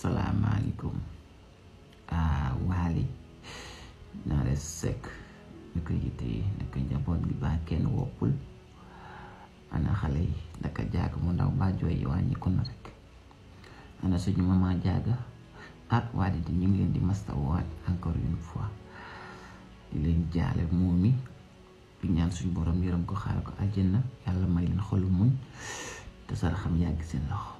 salaamaaleykum ah waali naa leen sekk naka yitte yi naka njaboot baa kenn woppul na xale yi naka jaaga mu ndaw baa jooy yi wàññiku na rek ana suñu mama jaaga ah waali di ñu ngi leen di mastawaat encore une fois di leen jaale moom mi di ñaan suñu boroom yërëm ko xaaral ko aljanna yàlla may leen xolu muñ te sara yàgg seen loxo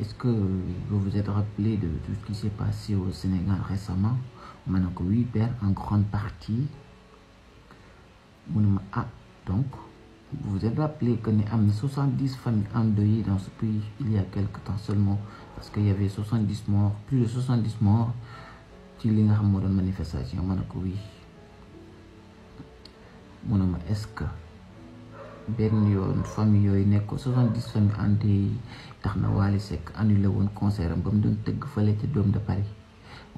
Est-ce que vous vous êtes rappelé de tout ce qui s'est passé au Sénégal récemment Maintenant oui, perd en grande partie. Ah, donc, vous vous êtes rappelé que nous avons 70 familles endeuillées dans ce pays il y a quelques temps seulement, parce qu'il y avait 70 morts, plus de 70 morts, qui les de manifestation. Maintenant oui. Est-ce que ben yoon famille yooyu nekk ko soixante-dix famille ante yi tax annulé woon concert bam ba mu doon tëgg fële ca Dôme de Paris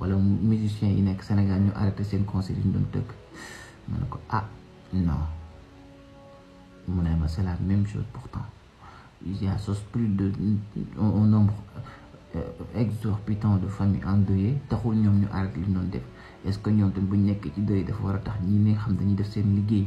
wala musiciens yi nek Sénégal ñu arrêté sen concert yi ñu doon teug ma ah non mu ma c'est la même chose pourtant il y a sos plus de un nombre euh, exorbitant de famille endeuillée taxul ñom ñu arrêté li ñu doon def est-ce que ñom tamit bu ñek ci deuil dafa wara tax ñi ne xam dañuy def sen liguey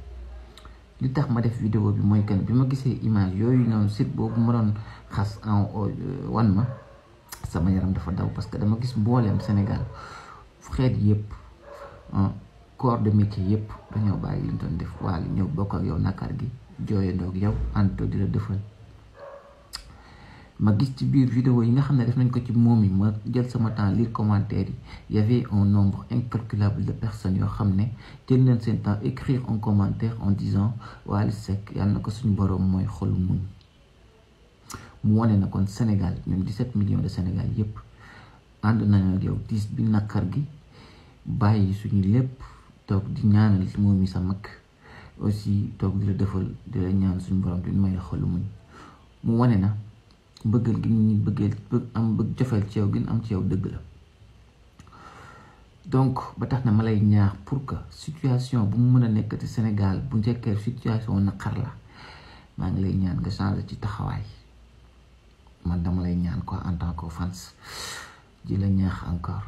li tax ma def vidéo bi mooy kan bi ma gisee image yooyu noonu site boobu ma doon xas en euh, wan ma sama yaram dafa daw parce que dama gis mbooleem Sénégal xeet yëpp corps de métier yëpp dañoo bàyyi li ñu doon def waa li ñëw bokk ak yow gi jooyandoo ak yow ànd di la defal ma gis ci biir vidéo yi nga xam ne def nañ ko ci moom yi ma jël sama temps lire commentaire yi y avait un nombre incalculable de personnes yoo xam ne jël nañ seen temps écrire un commentaire en disant Wal sec, yàlla na ko suñu boroom mooy xol muñ mu wane na kon Sénégal ñun 17 millions de Sénégal yépp ànd nañ ak yow tiis bi nakar gi bàyyi suñu lépp toog di ñaanal moom yi sa mag aussi toog di la defal di la ñaan suñu borom di may xol muñ mu wane na bëggal gi ñu bëggeel am bëgg jofeel ci yow gi am ci yow dëgg la donc ba tax na ma lay ñaax pour que situation bu mu mën a nekkati Sénégal bu njëkkee situation naqar la maa ngi lay ñaan nga changer ci taxawaay man dama lay ñaan ko en tant que fans ji la ñaax encore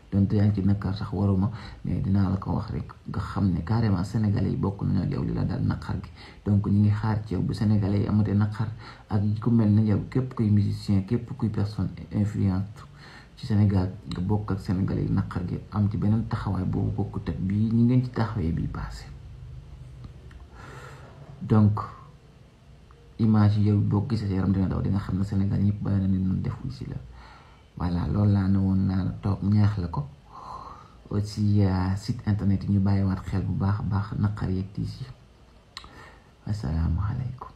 donte yaa ngi ci naqar sax waruma mais dinaa la ko wax rek nga xam ne carrément sénégalais yi bokk nañoo yow li naqar gi donc ñi ngi xaar ci bu sénégalais yi amatee naqar ak ku képp kuy musicien képp kuy personne ci Sénégal bokk ak sénégalais yi naqar gi beneen taxawaay boobu bokkut ak bii ñi ci taxawee bii passé donc image yow boo gisee yaram dina daw di nga xam ne senegal ñëpp bàyyi na ni noonu defu si la voilà loolu laa ne woon naa toog ñaax la ko aussi site internet yi ñu war xel bu baax a baax naqar yeeg tiis yi asalaamaaleykum